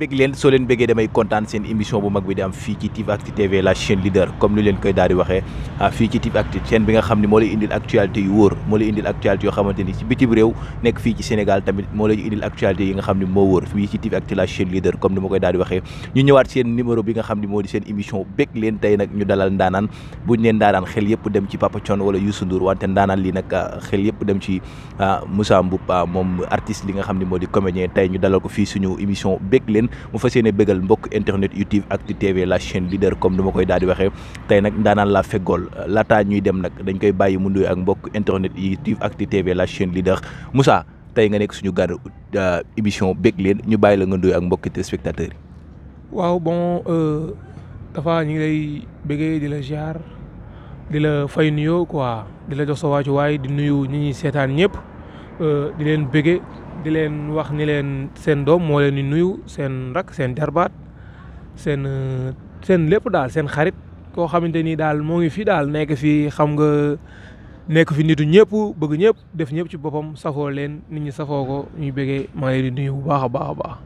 bëgg leen soo leen bëggee damay kontaan seen émission bu mag bi di am fii ni leen koy ah, bi nga xam ne moo lay indil actualité yu wóor moo lay indil actualité yoo ni moo lay indil nga xam ne moo wóor bi nga xam ne moo di seen émission bëgg leen tey nag ñu dalal ndaanaan buñ leen ndaanaan xel yëpp dem ci Papa Thione wala Youssou wante ndaanaan li nag ah, xel yëpp dem ci ah, Moussa Mboup moom artiste li nga xam ne moo di comédien tey ñu dalal ko fii suñu émission bëgg leen mu fas yéene bégal mbokk internet youtube Actu TV la chaîne leader comme du koy daal di waxee tey nag ndaanaan laa feggool laataa ñuy dem nag dañ koy bàyyi mu nuyu ak mbokk internet youtube Actu TV la chaîne leader Moussa tey nga nekk suñu gàddu euh, émission bég leen ñu bàyyi la nga nuyu ak mbokki téléspectateurs yi waaw bon dafa euh, ñu ngi lay béggee di la ziar di la fay nuyoo quoi di la jox sa waacu waay di nuyu ñi ñuy seetaan ñëpp euh, di leen béggee di leen wax ni leen seen doom moo leen di nuyu seen rak seen jarbaat seen euh, seen lépp daal seen xarit koo xamante ni daal moo ngi fi daal nekk fi xam nga nekk fi nitu ñëpp bëgg ñëpp def ñëpp ci boppam safoo leen ni ñi safoo ko ñuy bëggee maa ngi di nuyu bu baax a baax baax.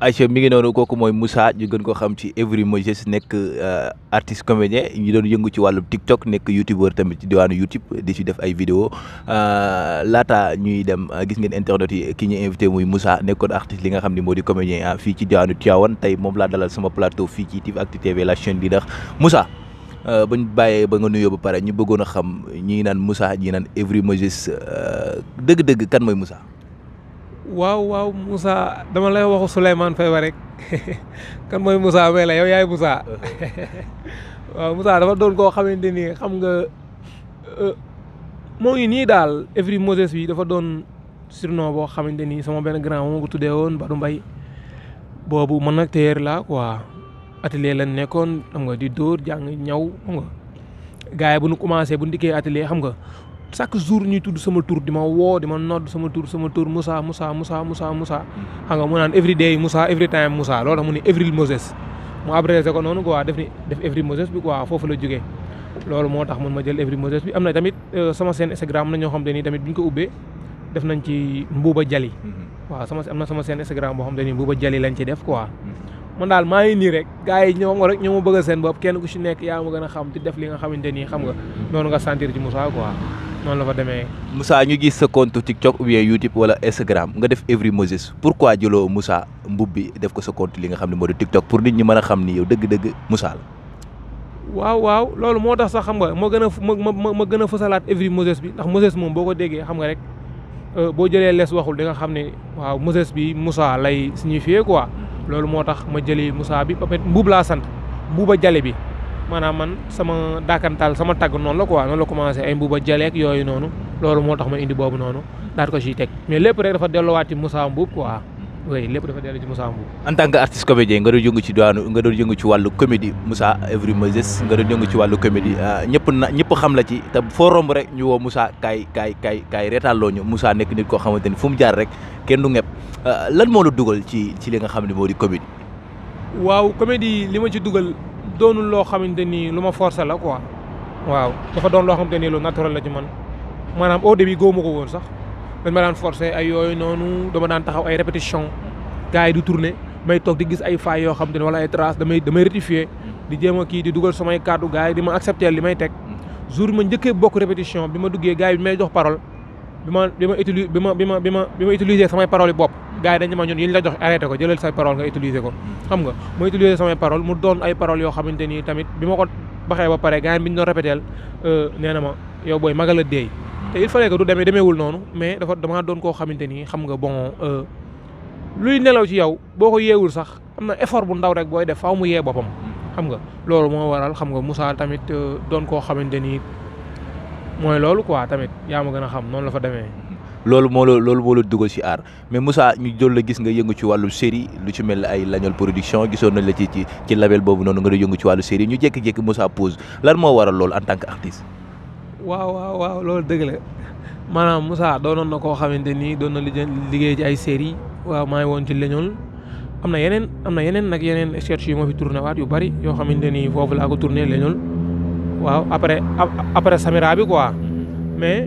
Aïcha mi ngi noonu kooku mooy Moussa ñu gën ko xam ci Every si nekk euh, artiste comédien ñu doon yëngu ci wàllum TikTok nekk youtubeur tamit ci diwaanu youtube di si def ay vidéo euh, laata ñuy dem a euh, gis ngeen internet yi ki ñu invité muy Moussa nekkoon artiste li nga xam ni moo di comédien ah fii ci diwaanu Tivaouane tey moom laa dalal sama plateau fii ci Tivactu TV la chaîne leader ba ñu bàyyee ba nga nuyoo ba pare ñu bëggoon a xam ñii naan Moussa ñii naan Every Moses dëgg-dëgg kan mooy Moussa. waaw waaw Moussa dama lay waxu Souleymane Faye wa rek kan mooy Moussa Mela yow yaay Moussa waaw Moussa dafa doon koo xamante ni xam nga euh, moo ngi nii daal Evry Moses bi dafa doon surno boo xamante ni sama benn grand moo ko tuddee woon Badou Mbaye boobu man nag téer laa quoi atelier lañ nekkoon xam nga di dóor jàng ñaw xam nga gars yi bu nu commencé bu ñu dikkee atelier xam nga chaque jour ñuy tudd sama tur di ma woo di ma nodd sama tur sama tur Moussa Moussa Moussa Moussa Moussa. xam nga mu naan every day Moussa every time Moussa loolu tax mu ne Evril Moses mu abrégé ko noonu quoi def ni def Evril Moses bi quoi foofu la jógee. loolu moo tax man ma jël Evril Moses bi am na tamit euh, sama seen Instagram am na ñoo xam te ni tamit bu ñu ko ubbee def nañ ci Mbuuba Jali. Mm-hmm. waaw sama am na sama seen Instagram boo xam te ni Mbuuba Jali lañ ci def quoi. Mm-hmm. man daal maa ngi nii rek gars yi ñoo rek ñoo ma bëgg seen bopp kenn ku ci nekk yaa ma gën a xam te def li nga xamante ni xam nga mm-hmm. noonu nga sentir ci Moussa quoi noonu la fa demee. Moussa ñu gis sa compte TikTok ou bien YouTube wala Instagram nga def Every Moses pourquoi jëloo musa mbub bi def ko sa compte li nga xam ne moo di TikTok pour nit ñi mën a xam ni yow dëgg-dëgg Moussa la. waaw waaw loolu moo tax sax xam nga ma gën a ma ma gën a fësalaat Every Moses bi ndax Moses moom boo ko déggee xam nga rek euh, boo jëlee les waxul di nga xam ne waaw Moses bi Moussa lay signifié quoi loolu moo tax ma jëlee Moussa bi ba pare mbuub laa sant mbuuba jale bi. maanaam man sama dàkkantaal sama tagg noonu la quoi noonu la commencé ay mbuuba jaleek yooyu noonu loolu moo tax ma indi boobu noonu daal ko ciy teg mais lépp rek dafa delluwaat ci ci Moussa Mboup. Hmm. en tant que artiste nga doon yëngu ci wàllu comédie Moussa Every Moses nga doon yëngu ci wàllu comédie ah, ñëpp xam la ci te foo romb rek ñu woo Moussa kaay kaay kaay kaay reetaaloo ñu nekk nit koo xamante ni jaar rek kenn du ngepp ah, lan moo la dugal ci ci li nga xam ne moo di comédie. waaw comédie doonul loo xamante nii lu ma forcer la quoi waaw dafa doon loo xamante ni lu naturel la ci man maanaam au début góobu ma ko woon sax dañ ma daan forcer ay yooyu noonu dama daan taxaw ay répétition gars yi du tourner may toog di gis ay failles yoo xamante ni wala ay traces damay damay rectifier di jéem a kii di dugal samay kàddu gars di ma accepter li may teg mm. jour ma njëkkee bokk répétition bi ma duggee gars yi bi may jox parole. bi ma bi ma utili bi ma bi ma bi ma bi ma utiliser samay paroles bopp gars yi dañu ma ñun yi ñu la jox arrêté ko jëlal say parole nga utiliser ko xam nga ma utiliser samay parole mu doon ay paroles yoo xamante ni tamit bi ma ko baxee ba pare gars yi bi ñu doon répéteel euh, nee na ma yow booy magal a deey te il fallait que du demee demeewul noonu mais dafa damaa doon koo xamante ni xam nga bon euh, luy nelaw ci yow boo ko yeewul sax am na effort bu ndaw rek booy def faw mu yee boppam xam nga loolu moo waral xam nga Moussa tamit euh, doon koo xamante ni mooy loolu quoi tamit yaa ma gën a xam noonu la fa demee. loolu moo la loolu moo la dugal ci aar mais Moussa ñu doon la gis nga yëngu ci wàllu série lu ci mel ay Lagnol production gisoon nañ la ci ci ci label boobu noonu nga doon yëngu ci wàllu série ñu jékki-jékki Moussa Pose lan moo waral loolu en tant que artiste. waaw waaw waaw loolu dëgg la maanaam Moussa doonoon na koo xamante nii doon na liggéey ci ay série waaw maa ngi woon ci Lagnol am na yeneen am na yeneen nag yeneen sketch yu ma fi tourné waat yu bari yoo xamante ni foofu laa ko tourné Lagnol waaw après après Samira bi quoi. Mm-hmm. mais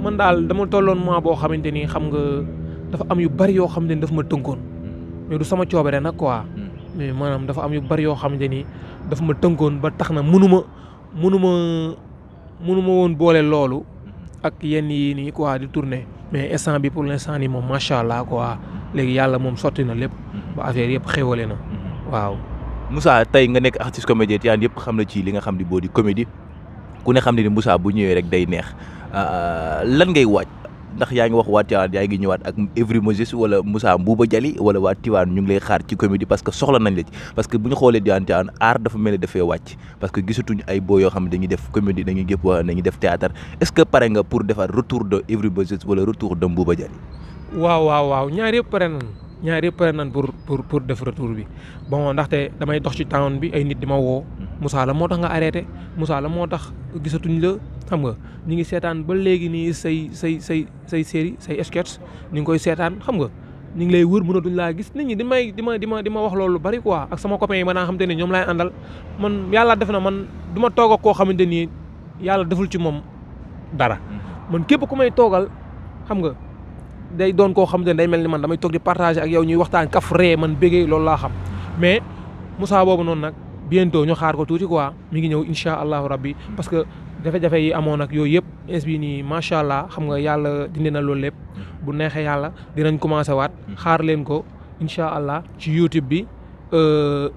man daal dama tolloon mois boo xamante ni xam nga dafa am yu bari yoo xamante ni daf ma tënkoon. Mm-hmm. mais sama coobare nag quoi. Mm-hmm. mais maanaam dafa am yu bari yoo xamante ni daf ma tënkoon ba tax na mënu ma mënu ma mënu woon boole loolu. ak yenn yi nii kowaa di tourner. mais instant bi pour l'instant nii moom macha allah quoi léegi yàlla moom sotti na lépp. ba affaire yëpp xéwale na waaw. Moussa tey nga nekk artiste comédien yaan yëpp xam na ci li nga xam ni boo di comédie ku ne xam ni Moussa bu ñëwee rek day neex ah, ah, lan ngay waaj ndax yaa ngi wax waa yaa ngi ñëwaat ak Evry Moses wala Moussa Mbouba Dialy wala waa Tivaouane ñu ngi lay xaar ci comédie parce que soxla nañ la ci parce que bu ñu xoolee diwaan Tivaouane art dafa mel ni dafay wàcc parce que gisatuñu ay boo yoo xam ne dañuy def comédie dañuy gépp wa dañuy def théâtre est-ce que pare nga pour defar ñaar yëpp pare nan pour pour pour def retour bi bon ndaxte damay dox ci town bi ay nit di ma woo. Hmm. Moussa la moo tax nga arrêté Moussa la moo tax gisatuñ la xam nga ñu ngi seetaan ba léegi nii say say say say série say sketch ñu ngi koy seetaan xam nga ñu ngi lay wër mënatuñ laa gis nit ñi di may di ma di ma di ma wax loolu lu bari quoi ak sama copain yi ma xam te ne ñoom laay àndal man yàlla def na man du ma toog koo xamante ni yàlla deful ci moom dara hmm. man képp ku may toogal xam nga. day doon koo xam ne day mel ni man damay toog di partage ak yow ñuy waxtaan kaf ree man bégee loolu laa xam mais Moussa boobu noonu nag bientôt ñu xaar ko tuuti quoi mi ngi ñëw incha allahu rabbi parce que jafe-jafe amoon ak yooyu yëpp ins nii macha allah xam nga yàlla dindi na loolu lépp bu neexee yàlla dinañ commencé waat xaar leen ko incha allah ci YouTube bi. Euh,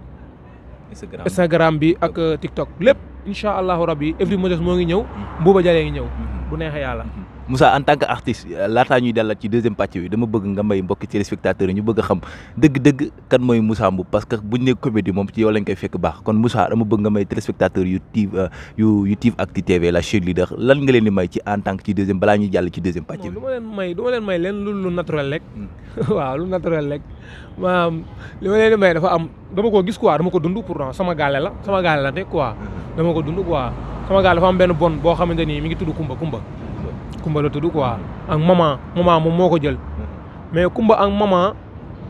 Instagram bi ak euh, TikTok lépp incha allahu rabbi every modeste moo ngi ñëw. mbuba Jalee ngi ñëw mm-hmm. bu neexee yàlla. Mm-hmm. Moussa en tant que artiste laataa ñuy dalaat ci deuxième pàcc bi dama bëgg nga may mbokki téléspectateurs yi ñu bëgg a xam dëgg-dëgg kan mooy Moussa Mboup parce que buñ ne comédie moom ci yow lañ koy fekk baax kon Moussa dama bëgg nga may euh, la nga leen di may ci en tant que ci deuxième balaa ñuy jàll ci deuxième pàcc bi. du ma leen lu lu naturel rek. Hmm. waaw lu naturel rek maanaam li leen di may dafa am dama ko gis quoi dama ko dund pourtant sama gaale la sama gaale la de quoi. Hmm. dama ko dund quoi sama gaale dafa am benn bon boo xamante ni mi ngi tudd Kumba Kumba Kumba la ko quoi ak maman maman moom moo ko jël mais Kumba ak maman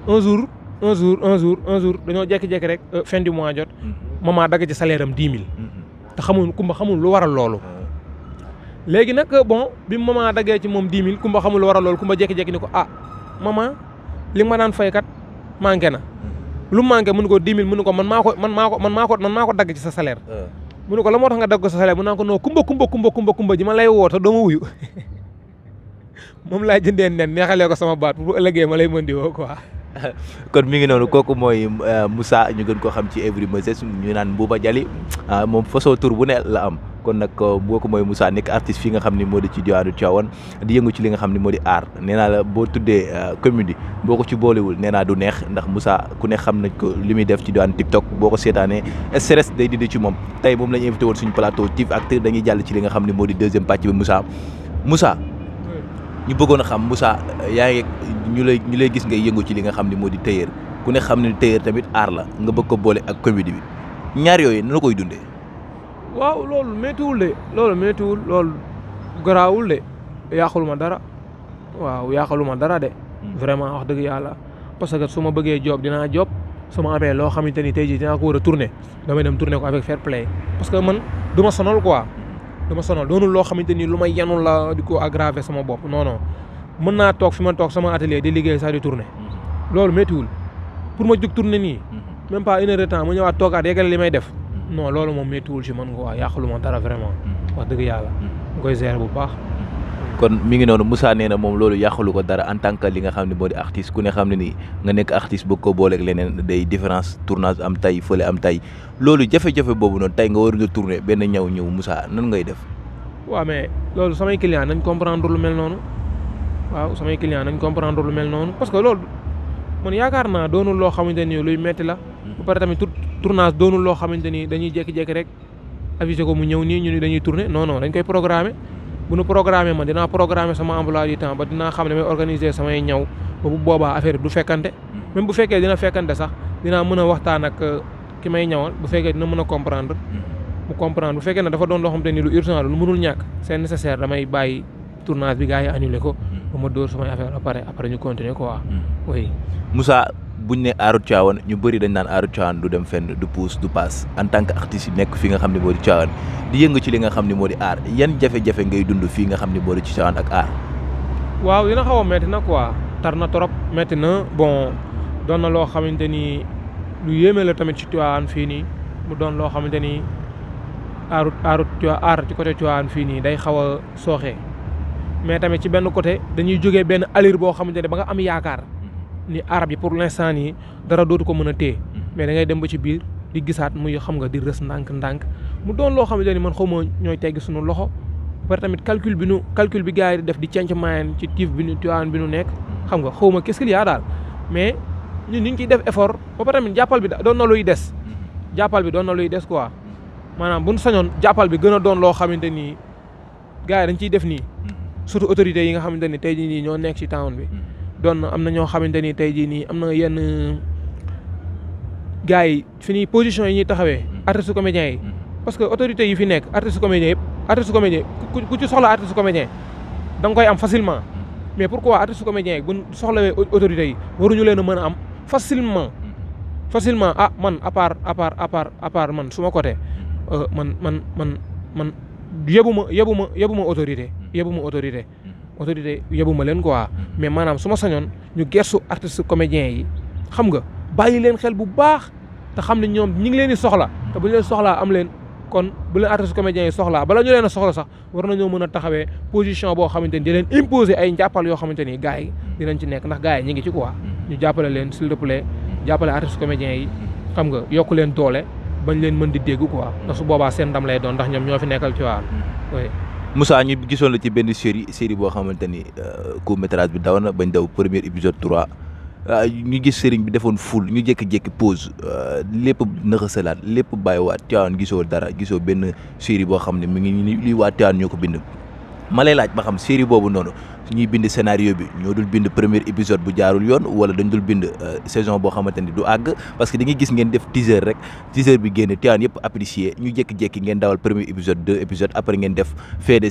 un jour un jour un jour un jour dañoo jékki-jékki rek euh, fin du mois jot mhm. maman dagg ci salaire am dix mille mhm. te xamul Kumba xamul lu waral loolu léegi nag bon bi maman daggee ci moom dix mille Kumba xamul lu waral loolu Kumba jékki jekki ni ko ah maman li ma daan faykat manqué na mhm. lu manqué mënu ko dix ko man maa ko man maa ko man maa ko man maa ko dagg ci sa salaire mu ne ko la moo tax nga dagg ko sa salaire mu naan ko non kumba kumba kumba kumba kumba ji ma lay woo te doo ma wuyu moom laa jëndee nen neexalee ko sama baat bu ëllëgee ma lay mën di woo quoi. kon mi ngi noonu kooku mooy euh, Moussa ñu gën koo xam ci Every Moses ñu naan Mbouba Jali ah, moom façon tur bu ne la am. kon nag euh, boo ko mooy Moussa nekk artiste fii nga xam ne moo di ci diwaanu Tivaouane di yëngu ci li nga xam ne moo di art nee naa la boo tuddee euh, comédie boo ko ci boolewul nee naa du neex ndax Moussa ku ne xam nañ ko li muy def ci diwaanu TikTok boo ko seetaanee stress day dindi ci moom tey moom la ñu invité woon suñu plateau Tiv Acteur dañuy jàll ci li nga xam ne moo di deuxième pàcc bi Moussa ñu bëggoon a xam Moussa yaa ngi ñu lay ñu lay gis ngay yëngu ci li nga xam ne moo di tailleur ku ne xam ne tailleur tamit aar la nga bëgg ko boole ak comédie bi ñaar yooyu na la koy dundee waaw loolu méttiwul de loolu méttiwul loolu garaawul de yàqul ma dara waaw yàqalu ma dara de. Hmm. vraiment wax dëgg yàlla parce que su ma bëggee job dinaa job su ma amee loo xamante ni tey jii dinaa ko war a tourner damay dem tourner ko avec fair play parce que man du ma sonal quoi du sonal doonul loo xamante ni lu ma yanu la di ko aggraver sama bopp non mën naa toog fi ma toog sama atelier di liggéey sax di hmm. loolu méttiwul pour ma jug tourner nii hmm. même pas une heure de temps ma toogaat yeggale li may def. non loolu moom méttiwul ci man ko waa yàqalu ma dara vraiment. Mm-hmm. wax dëgg yàlla. mu mm-hmm. koy gérer bu baax. kon mu ngi noonu Moussa nee na moom loolu yàqalu ko dara en tant que li nga xam ne moo di artiste ku ne xam ne nii nga nekk artiste bëgg ko booleeg leneen day différence tournage am tay fële am tay loolu jafe-jafe boobu noonu tey nga war a tourné benn ñaw ñëw Moussa nan ngay def. waaw mais loolu samay client nañ comprendre lu mel noonu waaw samay client nañ comprendre lu mel noonu parce que loolu man yaakaar naa doonul loo xamante ni luy metti la. Mm-hmm. ba pare tamit tournage doonul loo xamante ni dañuy jékki-jékki rek avisé ko mu ñëw nii ñu ni dañuy tourner non non dañ koy programmer bu nu programmer man dinaa programmer sama emploi du temps ba dina xam ne may organiser samay ñaw ba bu booba affaire du fekkante. Mm-hmm. même bu fekkee dina fekkante sax dinaa mën a waxtaan ak euh, ki may ñawal bu fekkee dina mën a comprendre. Mm-hmm. mu comprendre bu fekkee ne dafa doon loo xamante ni lu urgent ñàkk c'est nécessaire damay bàyyi bi gars yi ko. ba ma dóor samay affaire après après ñu continuer quoi. musa hmm. Moussa buñ ne aaru Tivaouane ñu bëri dañ naan aaru Tivaouane du dem fenn du puus du paas en tant que artiste nekk fi nga xam ne moo di Tivaouane di yëngu ci li nga xam ne moo di aar yan jafe-jafe ngay dund fii nga xam ne moo di ci Tivaouane ak aar. waaw dina xaw a métti na quoi. tar na trop métti na bon doon na loo xamante ni lu yéeme la tamit ci Tivaouane fii nii mu doon loo xamante ni aaru aaru aar ci côté fii nii day xaw a sooxee. mais tamit ci benn côté dañuy jógee benn allure boo xamante ne ba nga am yaakaar ni arab yi pour l'instant nii dara dootu ko mën a téye mm-hmm. mais da dem ba ci biir di gisaat muy xam nga di rës ndànk-ndànk mu doon loo xamante ni man xaw ma ñooy teggi suñu loxo par tamit calcul bi nu calcul bi gars yi def di cenc mayen ci tiif bi nu tuwaan bi nu nekk mm-hmm. xam nga xaw ma qu'est-ce qu'il y a daal ñu ciy def effort ba pare tamit jàppal bi doon na luy des mm-hmm. jàppal bi doon na luy des quoi maanaam buñ sañoon jàppal bi gën a doon loo xamante ni gars yi dañ ciy def nii surtout autorités yi nga xamante ni tey jii nii ñoo nekk ci town bi hmm. doon am na ñoo xamante ni tey jii nii am na yenn gars yi fi ñuy position yi ñuy taxawee hmm. artiste comédiens yi hmm. parce que autorités yi fi nekk artiste comédien yëpp artiste comédien ku ci soxla artiste comédien da danga koy am facilement mais pourquoi artiste comédien yi buñ soxlawee autorités yi waruñu leen a mën a am facilement facilement ah man à part à part à part à part man su ma côté euh, man man man man yebuma yebuma yebuma autorité yóbbu ma autorité mm-hmm. autorité yóbbu ma leen quoi mm-hmm. mais maanaam su ma sañoon ñu gersu artiste comédien yi xam nga bàyyi leen xel bu baax te xam ne ñoom ñi ngi leen di soxla te bu ñu soxlaa am leen kon bu leen artiste comédien yi soxlaa bala ñu leen soxla sax war nañoo mën a taxawee position boo xamante ni di leen imposer ay njàppal yoo xamante ni gars yi mm-hmm. dinañ ci nekk ndax gars yi ñu ngi ci quoi ñu jàppale leen s'il te plaît jàppale artiste comédien yi xam nga yokku leen doole bañ leen mën di dégg quoi ndax su boobaa seen ndam lay doon ndax ñoom ñoo fi nekkal ci waal Moussa ñu gisoon la ci benn série série boo xamante ni euh, court métrage bi daw na bañ daw premier épisode trois euh, ñu gis sëriñ bi defoon ful ñu jékki-jékki pause euh, lépp nëxasalaat lépp bàyyi waa Tivaouane gisoo dara gisoo benn série boo xam ne mi ngi lii waa Tivaouane ñoo ko bind ma lay laaj ba xam série boobu noonu ñuy bind scénario bi ñoo dul bind premier épisode bu jaarul yoon wala dañ dul bind euh, saison boo xamante du àgg parce que da gis ngeen def teaser rek teaser bi génn tiaan yëpp apprécier ñu jékki-jékki ngeen dawal premier épisode deux épisode après ngeen def ñu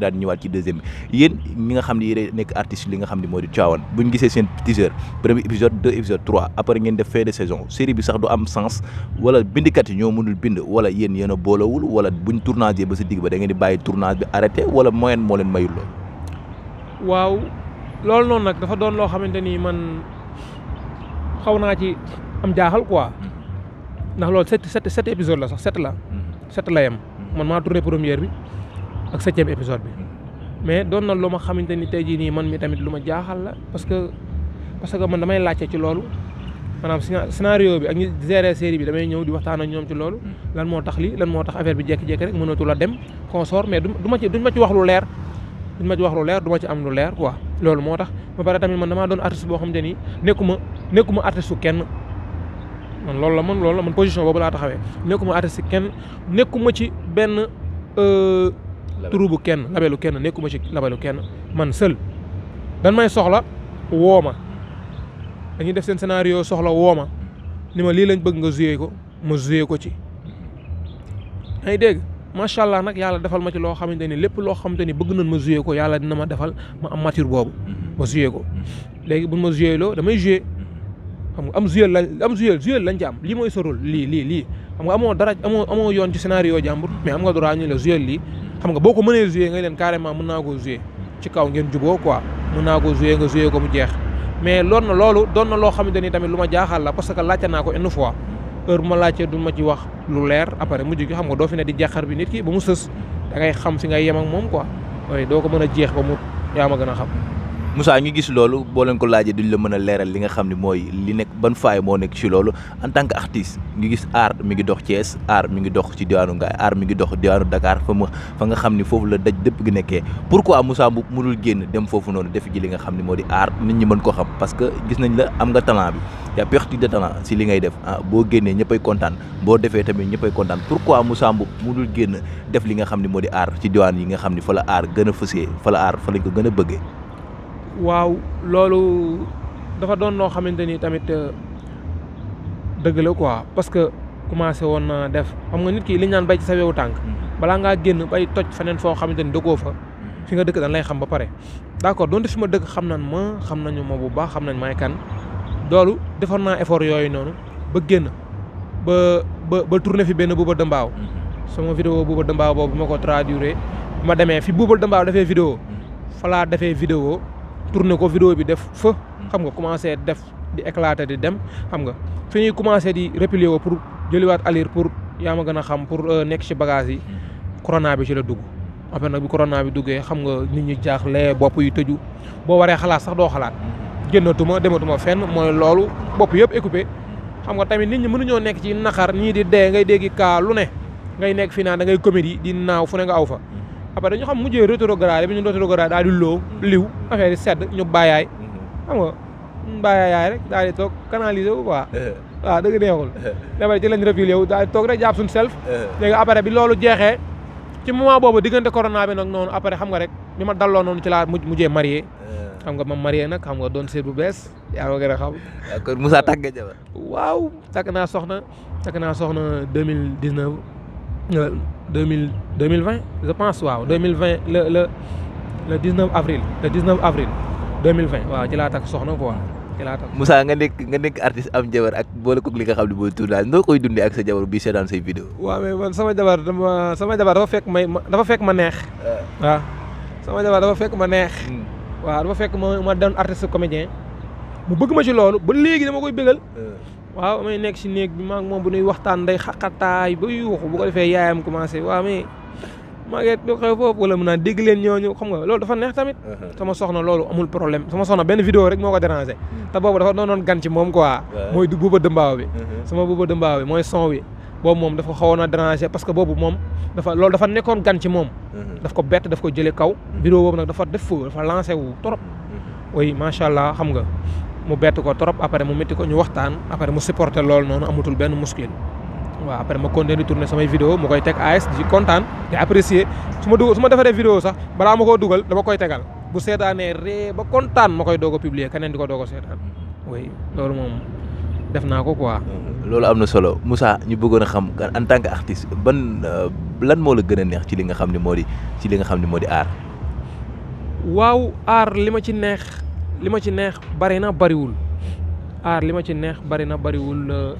daal ñu daal ci deuxième bi yéen nga xam ne nekk artiste li nga xam ne moo di Tivaouane buñ gisee seen teaser premier épisode trois après ngeen def fin de saison série bi sax du am sens wala bindikat yi ñoo mënul bind wala yéen yéen a boolewul wala buñ tournage ba sa digg ba da ngeen di bàyyi tournage bi arrêté wala moyen moo leen mayul loolu. waaw loolu noonu nag dafa doon loo xamante ni man xaw naa ci am jaaxal quoi hmm. ndax loolu sept sept sept épisode la sax set la hmm. sept la yem hmm. man maa tourné première bi ak septième épisode bi mais doon na lu ma xamante ni tey jii nii man mi tamit lu ma jaaxal la parce que parce que man damay laajte ci loolu. maanaam scénario bi ak ñu gérer série bi damay ñëw di waxtaan ak ñoom ci loolu hmm. lan moo tax lii lan moo tax affaire bi jékki jekk rek mënatu la dem consort mais du ma ci duñ ma ci wax lu leer ma ci wax lu leer du ma ci am lu leer ko loolu moo tax ba pare tamit man damaa doon artiste boo xam te ni nekkuma nekkuma artiste kenn man loolu la man loolu la man position boobu laa taxawee nekkuma artiste kenn nekkuma ci benn euh, turubu kenn labelu kenn nekkuma ci labelu kenn man seul dan may soxla woo ma dañuy def seen scénario soxla woo ma ni ma lii lañ bëgg nga joué ko ma joué ko ci. ay dégg macha allah nag yàlla defal ma ci loo xamante ni lépp loo xamante ni bëgg nañ ma joué ko yàlla dina ma defal ma am mature boobu. ma ko léegi buñ ma joué loo damay joué xam nga am joué lañ am joué joué lañ ci am lii mooy sorul lii lii lii xam nga amoo dara amoo amoo yoon ci jàmbur mais am nga droit ñu la joué lii. xam nga boo ko mënee joué nga leen carrément mën naa koo joué ci kaw ngeen juboo quoi mën naa koo joué nga joué ko mu jeex. mais loolu na loolu doon na loo xamante ni tamit lu ma jaaxal la parce que laajte naa ko une fois heure ma laajtee du ma ci wax lu leer après mujj gi xam nga doo fi ne di jaxar bi nit ki ba mu sës da ngay xam fi ngay yem ak moom ko waaye doo ko mën a jeex ba mu yaa ma gën a xam. Moussa ñu gis loolu boo leen ko laajee duñ la mën a leeral li nga xam ne mooy li nekk ban faay moo nekk ci loolu en tant que artiste ñu gis aar mi ngi dox Thiès art mi ngi dox ci diwaanu Ngaye aar mi ngi dox diwaanu Dakar fa ma fa nga xam ne foofu la daj dëpp gi nekkee pourquoi Moussa Mboup mënul génn dem foofu noonu def ji li nga xam ne moo di art nit ñi mën ko xam parce que gis nañ la am nga talent bi y a si li ngay def ah boo génnee ñëppay kontaan boo defee tamit ñëppay kontaan pourquoi Moussa Mboup mënul génn def li nga xam ne moo di art ci diwaan yi nga xam ni fa la aar gën a fësee fa la art fa lañ ko gën a bëggee waaw loolu dafa doon noo xamante nii tamit euh, dëgg la quoi parce que commencé woon na def xam nga nit ki li ñu naan bay ci sa wewu tànk mhm. balaa ngaa génn bay toj feneen foo xamante ni dëggoo fa mhm. fi nga dëkk dañ xam ba pare d'accord donte fi ma dëkk xam nañ ma xam nañu ma bu baax xam nañ maay kan loolu defoon naa effort yooyu noonu ba génn ba ba ba tourné fi benn buuba dëmbaaw mhm. sama vidéo buuba dëmbaaw boobu ma ko traduire ma demee fi buuba dëmbaaw dafee vidéo falaa defee vidéo tourné ko vidéo bi def fa xam nga commencé def di éclater di dem xam nga fi ñuy commencé di replier ko pour jëliwaat alir pour yaa ma gën a xam pour euh, nekk ci bagage yi corona bi ci la dugg après nag bi corona bi duggee xam nga nit ñi jaaxle bopp yu tëju boo waree xalaat sax doo xalaat génnatuma dematuma fenn mooy loolu bopp yëpp équipé xam nga tamit nit ñi mënuñoo nekk ci naqar ñii di dee ngay dégg kaa lu ne ngay nekk fii naa da ngay comédie di naaw fu ne nga aw fa après dañu xam mujjee rétrograde bi ñu rétrograde daal di loo liw affaire yi sedd ñu bàyyaay mhm. xam nga bàyyaay rek daal di toog canaliser wu quoi eh. waaw dëgg neexul eh. dafay ci lañ refil yow daal di toog rek jàpp suñu self eh. léegi après bi loolu jeexee ci moment boobu diggante corona bi nag noonu après xam nga rek bi ma dalloo noonu ci laa muj mujjee marié xam nga ma marié nag xam nga doon seet bu bees yaa ko gën a xam ah, kon Moussa takk nga jabar na takk naa soxna takk naa soxna deux mille deux mille vingt je pense waaw deux mille vingt le le le dix neuf avril le dix neuf avril deux mille vingt waaw ci soxna quoi ci laa takk. nga nekk nga nekk artiste am jabar ak boole koog li nga xam ne mooy tournage noo koy dundee ak sa jabar bi seetaan say vidéo. waaw mais man sama jabar dama sama jabar dafa fekk may dafa fekk ma neex. Ah. waaw sama dafa fekk ma neex. Hmm. waaw dafa fekk ma ma doon artiste comédien mu bëgg ma ci loolu ba léegi dama koy bëggal. Ah. waaw may nekk si néeg bi moom bu nuy waxtaan day taay ba yuuxu bu ko defee yaayam commencé waaw mais Maguette du xew foofu wala mun naa dégg leen ñooñu xam nga loolu dafa neex tamit. Uh-huh. sama soxna loolu amul problème sama soxna benn vidéo rek moo ko dérangé. Mm. te boobu dafa doonoon gan ci moom quoi. mooy du buuba dëmbaaw bi. Uh-huh. sama buuba dëmbaaw bi mooy son bi. boobu moom dafa xawoon a dérangé parce que boobu moom dafa loolu dafa nekkoon gan ci moom. Uh-huh. daf ko bett daf ko jëlee kaw. Mm-hmm. vidéo boobu nag dafa def foofu dafa lancé wu trop. Mm-hmm. oui macha allah xam nga. mu bett ko trop après mu métti ko ñu waxtaan après mu supporter loolu noonu amatul benn muskil waaw après ma continuer di tourner samay vidéo mu koy teg AS di kontaan di apprécier su ma dugg ma defaree vidéo sax balaa ma koo dugal dama koy tegal bu seetaanee ree ba kontaan ma koy doog a publier keneen di ko doog a seetaan oui loolu moom def naa ko quoi. loolu am na solo Moussa ñu bëggoon a xam en tant que artiste ban euh, lan moo la gën a neex ci li nga xam ne moo di ci li nga xam ne moo di aar. li ma ci neex. li ma ci neex bari na bariwul aar li ma ci neex bari na bariwul euh,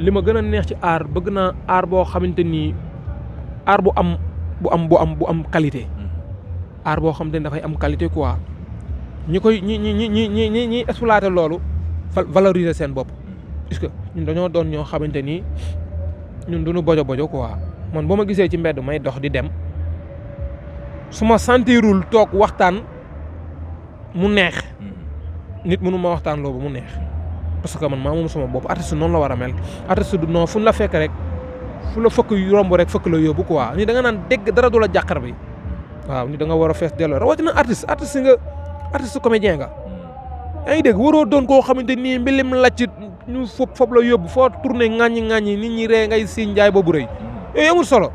li ma gën a neex ci aar bëgg naa aar boo xamante ni aar bu am bu am bu am bu am qualité mm-hmm. aar boo xam ni dafay am qualité quoi ñi koy ñi ñi ñi ñi ñi ñi ñi exploité loolu valoriser seen bopp mm-hmm. parce que ñun dañoo doon ñoo xamante ni ñun duñu bojo bojo quoi man boo ma gisee ci mbedd may dox di dem su ma sentirul toog waxtaan mu neex mm-hmm. nit mënu ma waxtaan loo mu neex parce que man maa moom sama bopp artiste noonu la war a mel artiste du non fu la fekk rek fu la fëkk romb rek fëkk la yóbbu ko ni da nga naan dégg dara du la jàqar bi waaw ni da nga war a fees delloo rawatina artiste artiste nga artiste comédien nga. Mm-hmm. yaa ngi dégg waroo doon koo xamante ni mbilim lacc ñu fob fob la yóbbu foo tourné ŋaññi ŋaññi nit ñi ree ngay si njaay boobu rëy mm-hmm. yooyu amul solo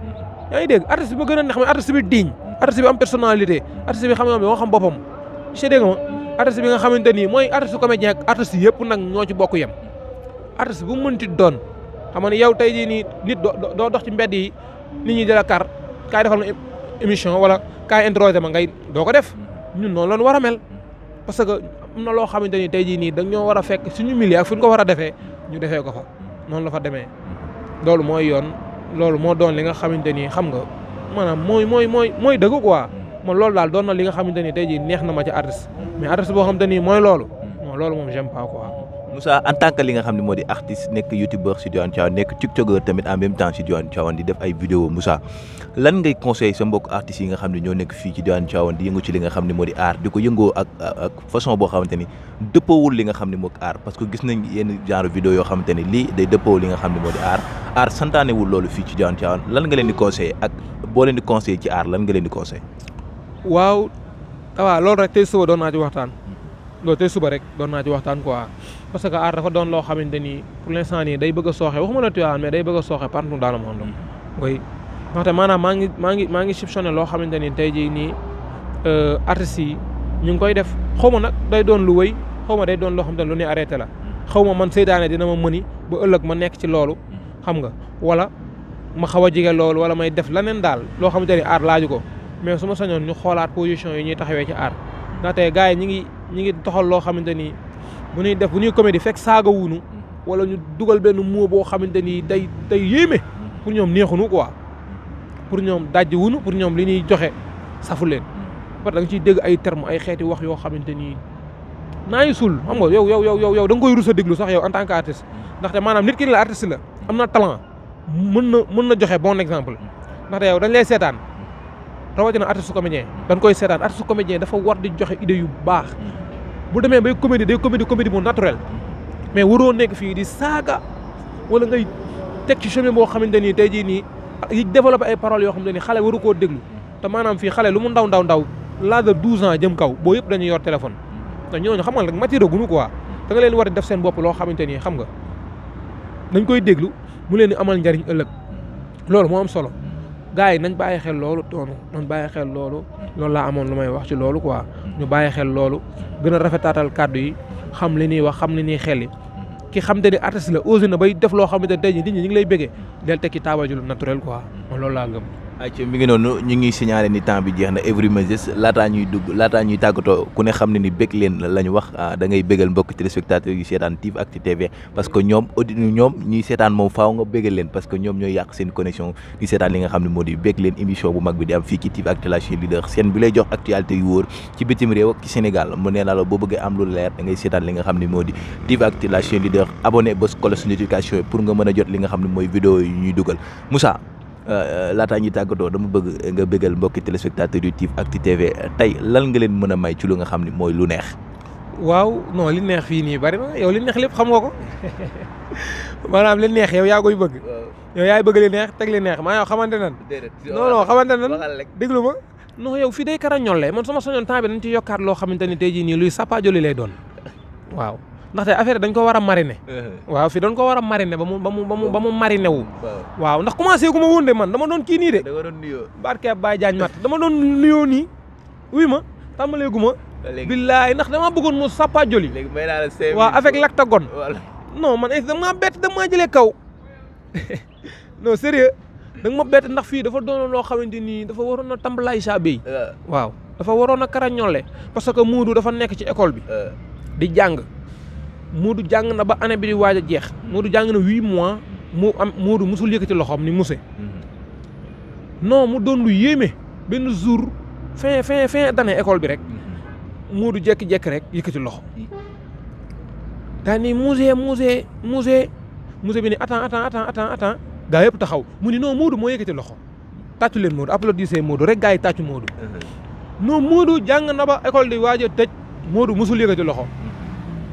yaa ngi a neex artiste bi digne artiste bi am personnalité artiste xam nga xam boppam monsieur dégg nga ma artiste bi nga xamante ni mooy artiste comédien ak artiste yëpp nag ñoo ci bokk yem artiste bu mu mënti doon xam nga ne yow tey jii nii nit doo dox ci mbedd yi nit ñi dala kar kaay defal ma émission wala kaay introsé ma ngay doo ko def ñun noonu lañu war a mel parce que am na loo xamante ni tey jii nii dañ ñoo war a fekk suñu milieu ak fu ko war a defee ñu defee ko fa noonu la fa demee loolu mooy yoon loolu moo doon li nga xamante ni xam nga maanaam mooy mooy mooy mooy quoi man loolu daal doon na li nga xamante tey jii neex na ma ci artiste mais artiste boo xamante ni mooy loolu. moom loolu moom j'aime pas quoi. Moussa li nga xam ne moo di artiste nekk youtubeur si Tivaouane Tivaouane nekk tiktokeur tamit en même temps si Tivaouane ne ñoo nekk fii ci Tivaouane Tivaouane di yëngu ci li nga xam ne moo li nga xam ne moo art parce que gis nañ yenn genre vidéo yoo xamante ni lii day dëppoo li nga xam ne moo di art art santaanewul loolu fii ci Tivaouane lan nga leen di conseillé ak boo leen di conseillé ci art lan nga leen di conseillé waaw waaw loolu rek tey suba doon naa ci waxtaan loolu tey suba rek doon naa ci waxtaan quoi parce que aar dafa doon loo xamante ni pour l'instant nii day bëgg a sooxe waxuma la Tivaouane mais day bëgg a sooxe partout dans le monde. oui ndaxte maanaam maa ngi maa ngi maa ngi soupçonné loo xamante ni tey jii nii euh, artistes yi ñu ngi koy def xaw ma nag day doon lu wëy xaw ma day doon loo xamante ne lu ñuy arrêté la. xaw ma man seytaane dina ma mëni ba ëllëg ma nekk ci loolu. xam nga wala ma xaw a jege loolu wala may def leneen daal loo xamante ni aar laaju ko. mais su ma sañoon ñu xoolaat position yi ñuy taxawee ci aar ndaxte gars yi ñu ngi ñi ngi doxal loo xamante ni bu ñuy def bu ñuy comédie fekk saaga wuñu wala ñu dugal benn mot boo xamante ni day day yéeme pour ñoom neexunu quoi pour ñoom dajj wuñu pour ñoom li ñuy joxe safu leen parce que ciy dégg ay terme ay xeeti wax yoo xamante ni naa ngi suul xam nga yow yow yow yow da nga koy rus a déglu sax yow en tant que artiste ndaxte maanaam nit ki la artiste la am na talent mën na mën na joxe bon exemple ndaxte yow dañ lay seetaan rawatina artiste comédien dañ koy seetaan artiste comédien dafa war di joxe idée yu baax mm. bu demee bay comédie day comédie comédie bu naturel mais waroo nekk fii di saaka wala ngay teg ci chemin boo xamante ni tey jii nii yi développé ay paroles yoo xamante ni xale waru koo déglu mm. te maanaam fii xale lu mu ndaw ndaw ndaw l'âge de 12 ans jëm kaw boo yëpp dañuy yor téléphone mm. te ñooñu xam nga rek mature gunu quoi da nga leen war a def seen bopp loo xamante ni xam nga dañ koy déglu mu leen di amal njariñ ëllëg loolu moo solo. gars yi nañ bàyyi xel loolu doonu nañ bàyyi xel loolu lool laa amoon lu may wax ci loolu quoi ñu bàyyi xel loolu gën a rafetaatal kàddu yi xam li ñuy wax xam li nii xel yi ki xam te ni ates la osé na bay def loo xamante ne tey jii nit ñi ñu ngi lay bëggee del tekki taabal ju naturel quoi man loolu laa gëm ayca mi ngi noonu ñu ngi signalé ni temps bi jeex na Evry Moses laataa ñuy dugg laataa ñuy tàggatoo ku ne xam ne ni bég leen la ñu wax ah, da ngay bégal mbokk téléspectateurs yu seetaan TIV Actu TV parce que ñoom audi ñoom ñuy seetaan moom faaw nga bégal leen parce que ñoom ñooy yàq seen connexion di seetaan li nga xam ne moo di bég leen émission bu mag bi di am fii ci TIV Actu la leader seen bi lay jox actualité yu wóor ci bitim réew ak Sénégal mu nee boo bëggee am lu leer da seetaan li nga xam ne moo di TIV Actu la chaîne leader pour nga mën a jot li nga xam ne mooy vidéo yi ñuy dugal Moussa Euh, laataa ñuy tàggatoo dama bëgg nga bëggal mbokki téléspectateur ak Tivactu TV tey lan nga leen mën a may ci lu nga xam ne mooy lu neex. waaw non li neex fii nii bari na yow li neex lépp xam ko maanaam li neex yow yaa koy bëgg. yow yaay bëgg li neex teg li neex maa yow xamante nan. non non xamante nan déglu ma. non yow fii day kara ñolle man sama soñoon temps bi nañ ci yokkaat loo xamante ni tey jii nii luy sapaajo li lay doon waaw. ndaxte affaire dañ ko war a mariner. waaw fii dañ ko war a mariner ba mu ba mu ba mu ba wu. waaw ndax commencé gu ma woon de man dama doon kii nii de. da nga doon nuyoo barke Baye Diagne Matt dama doon nuyoo nii wii ma tàmbalee gu ma. billaay ndax damaa bëggoon mu sappa joli. léegi may naa la cinq waaw avec lactagone. non man it eh, damaa bett damaa jëlee kaw non sérieux da nga ma bett ndax fii dafa doonoon loo xamante nii dafa waroon a tàmbalaay saa béy. waaw dafa waroon a karañole parce que Moodu dafa nekk ci école bi. di jàng. Moodu jàng na ba année bi di waaj a jeex Moodu jàng na huit mois mu am Moodu musul yëkkati loxoom ni muse mm-hmm. non mu doon lu yéeme benn jour fin fin fin d'année école bi rek mm-hmm. Moodu jekki-jekki rek yëkkati loxo daa ni muse muse muse muse bi ne attends attends attends attends attends gaa yëpp taxaw mu ni non Moodu moo yëkkati loxo tàccu leen Moodu applaudissez Moodu rek gaa yi tàccu Moodu mm-hmm. non Moodu jàng na ba école di waaj a tëj Moodu musul yëkkati loxo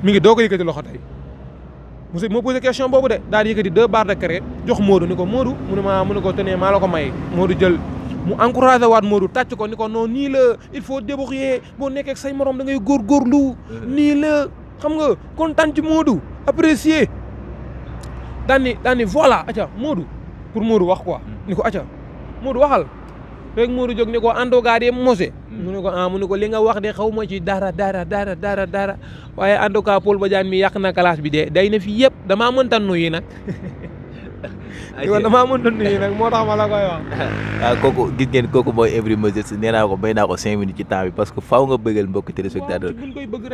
mi ngi doo ko loxo tey monsieur moo posé question boobu de daal di yëkkati deux barres de craie jox Modou ni ko Modou mu ne maa mu ne ko tenee maa la ko may Modou jël mu encouragé waat Modou tàcc ko ni ko non nii la il faut débrouiller boo nekkee ak say morom da góor góorgóorlu euh. nii la xam nga kontaan ci Modou après daan ni daan voilà aca Modou pour Modou wax quoi hmm. ni ko aca Modou waxal rek Modou jog ne ko àndoo gaa de mose hmm. mu ne ko ah li nga wax de xaw ma ci dara dara dara dara dara waaye en tout cas ba Badiane mi yàq na kalaas bi de day na fi yëpp damaa man ta nag. ayca damaa mënta nuyu nag moo tax ma la koy wax. waaw ah, kooku gis ngeen kooku ko ko cinq minutes ci temps bi parce que faaw nga bëggal mbokk téléspectateur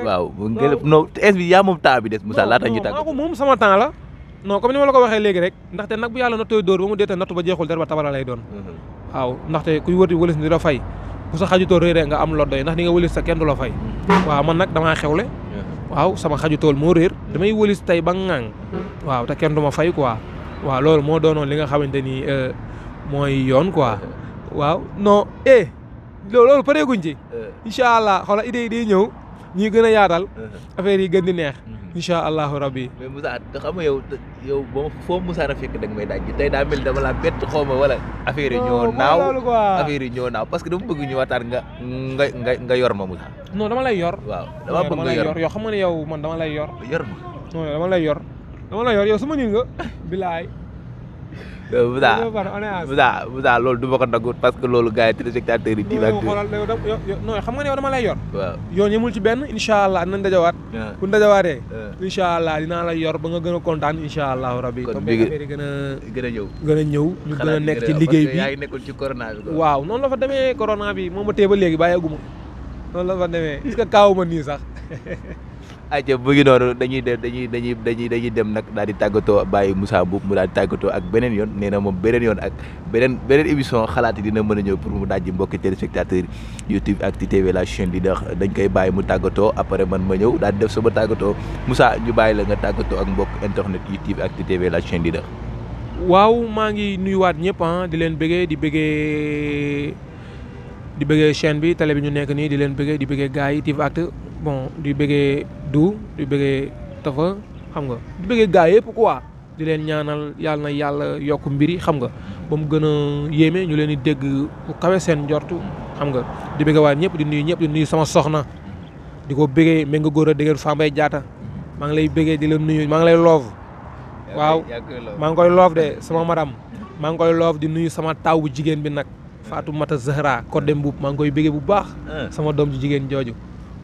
waaw ngeen non est bi yaa moom temps laata ñu tàgg. moom sama temps la non comme ma la ko waxee léegi rek ndaxte nag bu yàlla nattooy dóor ba mu deeta natt ba jeexul dara ba tabara lay doon. Mm-hmm. waaw ndaxte kuy wërti wëlis ni di la fay bu sa xaju tool réeree nga am loddoy ndax ni nga wëlis sa kenn du la fay mm-hmm. waaw man nag xew xewle waaw sama xaju tool moo réer mm-hmm. damay wëlis tey ba ŋaang mm-hmm. waaw te kenn du ma fay quoi waaw loolu moo doonoon li nga xamante ni euh, mooy yoon quoi waaw non eh loolu pareeguñ ci incha allah xoolal idée yi day ñëw ñuy gën a yaatal. Uh-huh. affaire yi gën di neex. Uh-huh. incha allahu rabbi. mais Moussa xam nga yow yow boo foo fekk da nga may daaj tey daa mel dama la bett xaw ma wala. ñoo naaw affaire parce que dama bëgg ñu waxtaan nga nga yor ma Moussa. non dama lay yor. waaw dama bëgg nga yow man dama lay yor. yor ma non dama lay yor. dama lay yor yow sama nit nga bilaay Moussa Moussa Moussa loolu du ma ko nangu parce que loolu gars yi téléspectateurs yi. diim ak non xam nga ne yow dama lay yor. waaw yoon yemul ci benn incha ah. ah. la yor ba nga gën a kontaan incha allah rabi. kon bi gën a gën a ñëw. a ñëw ñu gën a nekk ci liggéey bi ngi nekkoon ci corona bi. waaw noonu la fa demee bi moom ma tee ba léegi bàyyeeguma noonu la fa demee est-ce que kaawuma nii ayca bu ngi noonu dañuy dem dañuy dañuy dañuy dañuy dem nag daal di tàggatoo bàyyi Moussa Mboup mu daal di tàggatoo ak beneen yoon nee moom beneen yoon ak beneen beneen émission xalaat yi dina mën a ñëw pour mu daaj ji mbokki téléspectateur YouTube Actu TV la chaîne leader dañ koy bàyyi mu tàggatoo après man ma ñëw daal di def sama tàggatoo Moussa ñu bàyyi la nga tàggatoo ak mbokk internet YouTube Actu TV la chaîne leader. waaw maa ngi nuyuwaat ñëpp ah di leen bëggee di bëggee di bëggee chaîne bi télé bi ñu nekk nii di leen bëggee di bëggee gars yi TV bon di bëggee du di bëggee tafa xam nga di bëggee gaa yëpp quoi di leen ñaanal yàlla na yàlla yokk mbiri xam nga ba mu gën a yéeme ñu leen di dégg bu kawe seen njortu xam nga di bëggee waa ñëpp di nuyu ñëpp di nuyu sama soxna di ko bëggee ménga góor a dégg Fambaye Diatta maa ngi lay bëggee di leen nuyu maa ngi lay loof waaw maa ngi koy loof de sama madam maa ngi koy loof di nuyu sama taw bu jigéen bi nag Fatou Mata Zahra Codé Mboup maa ngi koy bëggee bu baax ah. sama doom jigéen jooju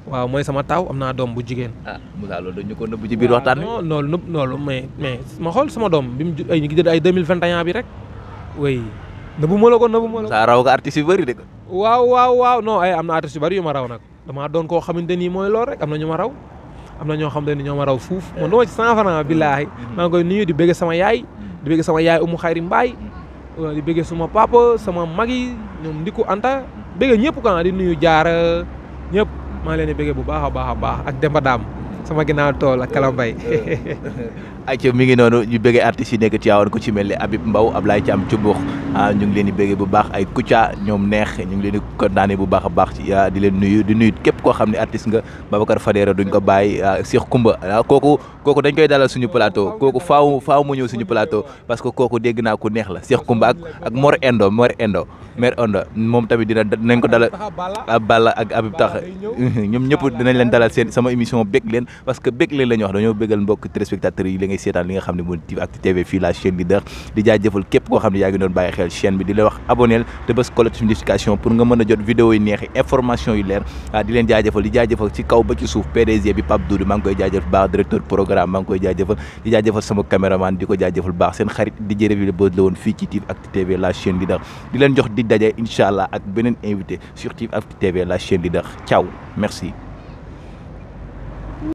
waaw mooy sama taaw am na doom bu jigéen. ah Moussa loolu dañu ci biir waxtaan wi. non loolu loolu mais ma xool sama doom bi mu ay ñu ngi jël ay deux mille vingt et un bi rek. oui nëbbu ma la ko nëbbu ma la de. waaw waaw waaw non am na artistes bari bëri yu ma raw nag damaa doon koo xamante ni mooy loolu rek am na ñu ma raw am na ñoo xamante ni ñoo ma raw fuuf eh. man dama ci cent franc billaahi. Mm-hmm. maa ngi koy nuyu di bëgg sama yaay. Mm-hmm. di bëgg sama yaay umu xayri mbaay. di bëgg sama papa sama mag yi ñoom ndiku anta mm-hmm. bëgg ñëpp kan di nuyu jaar ñëpp maa leen di bëggee bu baax a baax a baax ak Demba sama ginnaaw tool ak Kalambay ayca mi ngi noonu ñu bëggee yi nekk Tivaouane ku ci mel ni Habib Mbaw Ablaye Thiam Cumbux ah ñu leen di bëggee bu baax ay Kouthia ñoom neex ñu ngi leen di kontaane bu baax a baax ci ah, di leen nuyu di nuyu képp koo xam ne artiste nga Babacar Fadera duñ ko bàyyi ah, Cheikh Koumba ah, kooku kooku dañ koy dalal suñu plateau kooku faaw faaw mu ñëw suñu plateau parce que kooku dégg naa ku neex la Cheikh Koumba ak ak Mor Endo Mor Endo Mor Endo moom tamit dina dinañ ko dalal Balla ak Tax ñoom ñëpp dinañ leen leen yi ngi seetaan li nga xam ne moo Tivactu TV fii la chaîne leader di jaajëfal képp koo xam ne yaa ngi doon bàyyi xel chaîne bi di la wax abonnel te bés collectif notification a jot vidéo yu neexi information yu leer ah bi Pape baax directeur programme maa di sama caméraman di ko jaajëfal baax seen di jërëjëf Buzz la woon fii ci Tivactu TV la chaîne leader di leen jox di daje incha allah ak beneen invité sur Tivactu TV la di leader ciao merci